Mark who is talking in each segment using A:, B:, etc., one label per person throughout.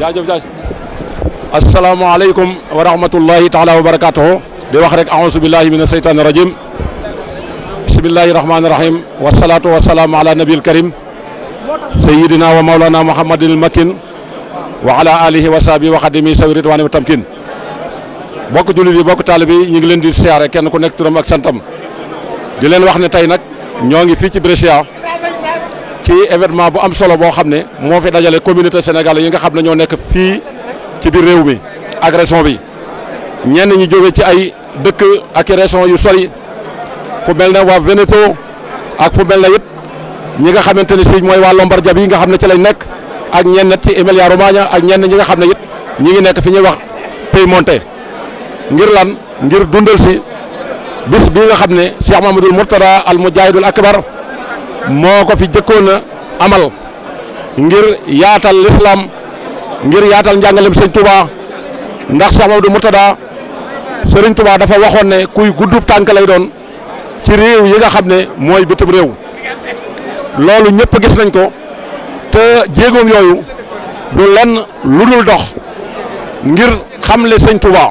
A: jaajëf jaajëf asalaamaaleykum wa rahmatullahi taala wa barakaatuhu di wax rek auzu billahi mina seytaani rajim bismillahi rahmaani rahim wasalaatu wasalaamu ala nabil karim sayidina wa maulana muhammadin al makin wa ala alihi wa sahbihi wa xadimi sawirit waani wa tamkin bokk jullit yi bokk taalibe yi ñu ngi leen di siyaare kenn ku nekk turam ak santam di leen wax ne tey nag ñoo ngi fii ci Brescia ci événement bu am solo boo xam ne moo fi dajale communauté sénégalaise yi nga xam ne ñoo nekk fii ci biir réew mi ak bi ñenn ñi jóge ci ay dëkk ak région yu sori fu mel ne waa Veneto ak fu mel ne it ñi nga xamante ne si mooy waa Lombardia bi nga xam ne ci lay nekk ak ñenn ci Emilia Romagna ak ñenn ñi nga xam ne it ñi ngi nekk fi ñuy wax Piemonte ngir lan ngir dundal si bis bi nga xam ne Cheikh Mamadou Mourtada al Mujahidul Akbar moo ko fi jëkkoon a amal ngir yaatal lislaam ngir yaatal njàngalem sëñ Touba ndax Cheikh Mamadou Murtada sëriñ Touba dafa waxoon ne kuy guddub tànk lay doon ci réew yi nga xam ne mooy bitim réew loolu ñëpp gis nañ ko te jéegoom yooyu du lenn lu dul dox ngir xam xamle sëñ Touba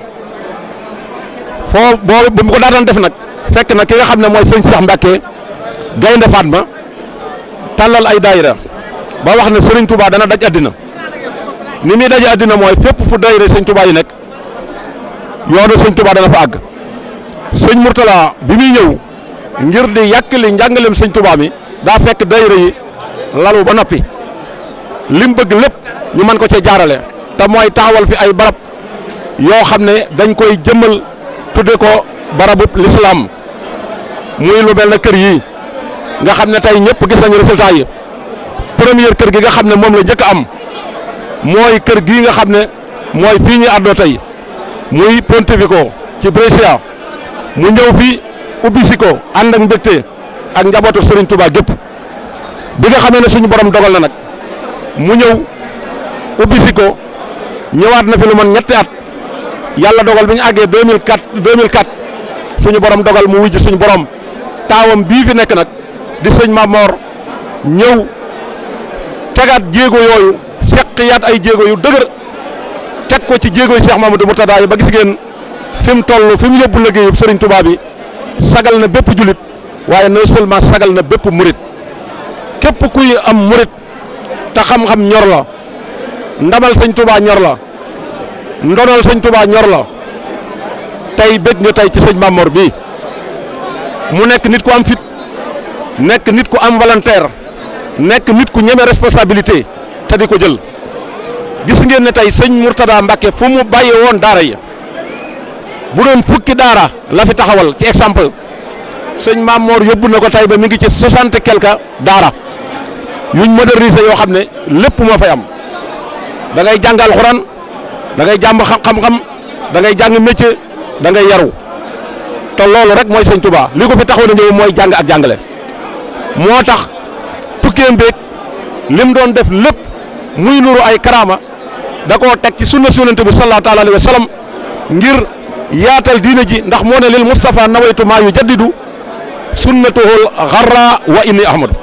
A: foo boo bu mu ko daataan def nag fekk na ki nga xam ne mooy sëñ Cheikh Mbacke Gaynde Fatma tàllal ay daayira ba wax ne Serigne Touba dana daj àddina ni muy daje àddina mooy fépp fu daayira Serigne Touba yi nekk yoonu Serigne Touba dana fa àgg sëñ Mourtala bi muy ñëw ngir di yàkkali njàngalem sëñ tubaa mi daa fekk daayira yi lalu ba noppi lim bëgg lépp ñu mën ko cee jaarale te mooy taxawal fi ay barab yoo xam ne dañ koy jëmmal tudde ko barabub lislaam muy lu mel na kër yii nga xam ne tey ñëpp gis nañu résultat yi première kër gi nga xam ne moom la njëkk am mooy kër gi nga xam ne mooy fii ñuy àddoo tey muy Pontevico ci Brescia mu ñëw fi ubbi si ko ànd ak mbégte ak njabootu Serigne Touba gépp bi nga xamee ne suñu borom dogal na nag mu ñëw ubbi si ñëwaat na fi lu man ñetti at yàlla dogal bi ñu àggee 2004 2004 suñu borom dogal mu wujj suñu borom taawam bii fi nekk nag. di sëñ Mamor ñëw tegaat jéego yooyu seq yaat ay jéego yu dëgër teg ko ci jéego yi Cheikh Mamadou Mourtada yi ba gis ngeen fi mu toll fi mu yóbbu liggéeyu Serigne Touba bi sagal na bépp julit waaye na seulement sagal na bépp murit képp kuy am murit te xam-xam ñor la ndamal sëñ Touba ñor la ndonal sëñ Touba ñor la tey bëgg nga tey ci sëñ Mamor bi mu nekk nit ku am fit. nekk nit ku am volontaire nekk nit ku ñeme responsabilité te di ko jël gis ngeen ne tey sëñ Mourtada Mbacke fu mu bàyyi woon daara yi bu doon fukki daara la fi taxawal ci exemple sëñ Maam Mor yóbbu na ko tey ba mi ngi ci soixante quelque daara yuñ modernisé yoo xam ne lépp moo fay am dangay jàngal xuraan da ngay jàmb xam-xam dangay jàng métier dangay yaru te loolu rek mooy sëñ Touba li ko fi taxaw na ñëw mooy jàng ak jàngale. moo tax tukkeem beeg lim doon def lépp muy nuru ay karaama da koo teg ci sunna sunante bi sallallahu taala ngir yaatal diine ji ndax moo ne lil Moustapha nawaytu maa yu jaddidu sunnatuhul xarra wa inni ahmadu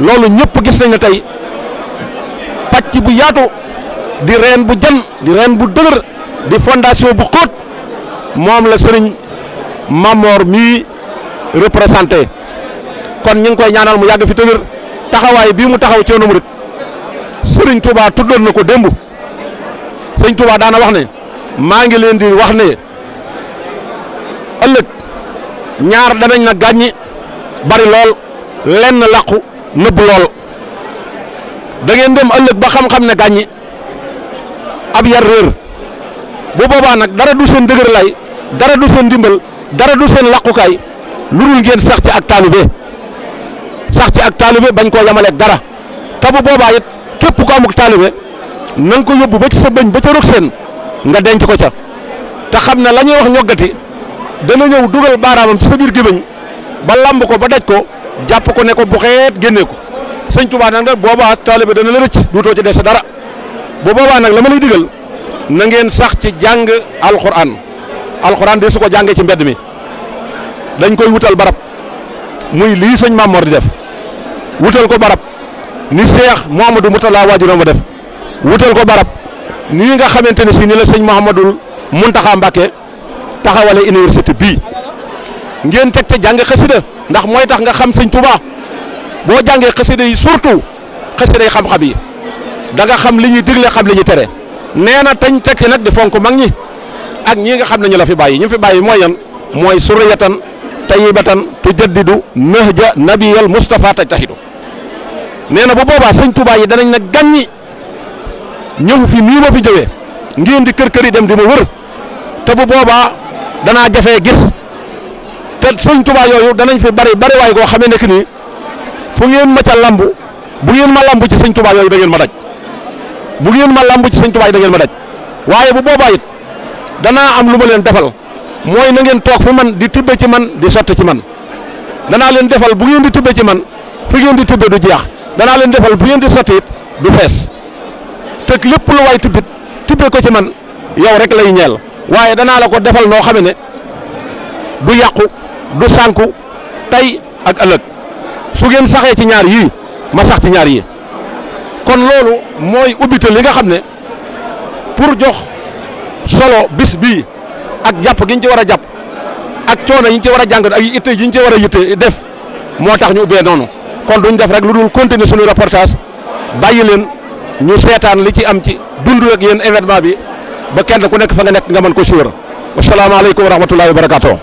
A: loolu ñëpp gis nañ ne tey pàcc bu yaatu di reen bu jan di reen bu dëgër di fondation bu xóot moom la sëriñ Mamor mii représenté. kon ñu ngi koy ñaanal mu yàgg fi te taxawaay bii mu taxaw ci yoonu murit sëriñ Touba tuddoon na ko démb sëriñ Touba daana wax ne maa ngi leen di wax ne ëllëg ñaar danañ na gàññi bari lool lenn làqu nëbb lool da ngeen dem ëllëg ba xam-xam ne gàññi ab yar réer bu boobaa nag dara du seen dëgër lay dara du seen ndimbal dara du seen làqukaay lu dul ngeen sax ci ak taalibe sax ci ak taalibe bañ koo yamaleeg dara te bu boobaa it képp ko amuk taalibe na ko yóbbu ba ci sa bëñ ba ca rog nga denc ko ca te xam na lañuy ñuy wax ñoggati dana ñëw dugal baaraamam ci sa biir gémmiñ ba lamb ko ba daj ko jàpp ko ne ko bu xeet génnee ko sëñ Tuubaa nag boobaa taalibe dana la rëcc duutoo ci def sa dara bu boobaa nag la ma lay digal na ngeen sax ci jàng alxuraan alxuraan de su ko jàngee ci mbedd mi dañ koy wutal barab muy lii sëñ Mamor di def. wutal ko barab ni Cheikh Mouhamadou Moutala waajuram ba def wutal ko barab nii nga xamante ne si ni la sëñ Mouhamadou Mountakha Mbacké taxawale université bii ngeen teg te jàng xasida ndax mooy tax nga xam sëñ Touba boo jàngee xasida yi surtout xasida yi xam-xam yi da nga xam li ñuy digle xam li ñuy tere nee na tañ teg ci nag di fonk mag ñi ak ñii nga xam ne la fi bàyyi ñu fi bàyyi mooy yan mooy surriyatan tayyibatan tujaddidu nahja nabiyal Mustafa taj taxit nee na bu boobaa sëñ tubaay yi danañ na gàññi ñëw fi nii ma fi jëwee ngeen di kër kër yi dem di ma wër te bu boobaa danaa jafee gis te sëñ Touba yooyu danañ fi bari bari waay goo xamee nekk nii fu ngeen ma ca lamb bu ngeen ma lamb ci sëñ Touba yooyu da ma daj bu ngeen ma lamb ci sëñ Touba yi da ngeen ma daj waaye bu boobaa it danaa am lu ma leen defal mooy na ngeen toog fi man di tibbe ci man di sotti ci man danaa leen defal bu ngeen di tibbe ci man fi ngeen di tibbe du jeex. danaa leen defal bu ngeen di sotti it du fees te lépp lu waay tibbit tibbee ko ci man yow rek lay ñeel waaye danaa la ko defal noo xam ne bu yàqu du sànku tey ak ëllëg su ngeen saxee ci ñaar yii ma sax ci ñaar yii kon loolu mooy ubbite yi nga xam ne pour jox solo bis bii ak jàpp gi ñu ci war a jàpp ak coono yi ñu war a jàngat ak yitte yi ñu war a yitte def moo tax ñu ubbee noonu. kon duñ def rek lu dul continuer suñu reportage bàyyi leen ñu seetaan li ci am ci dund ak yéen événement bi ba kenn ku nekk fa nga nekk nga mën ko suivre wasalaamaaleykum wa rahmatullahi wa barakatuh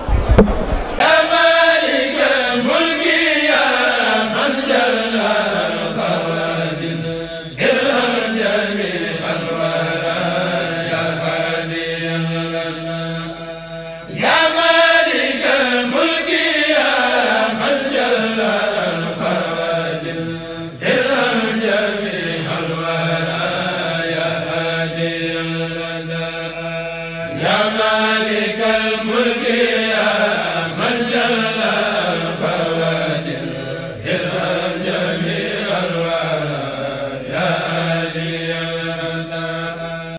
B: يا مالك
A: الملك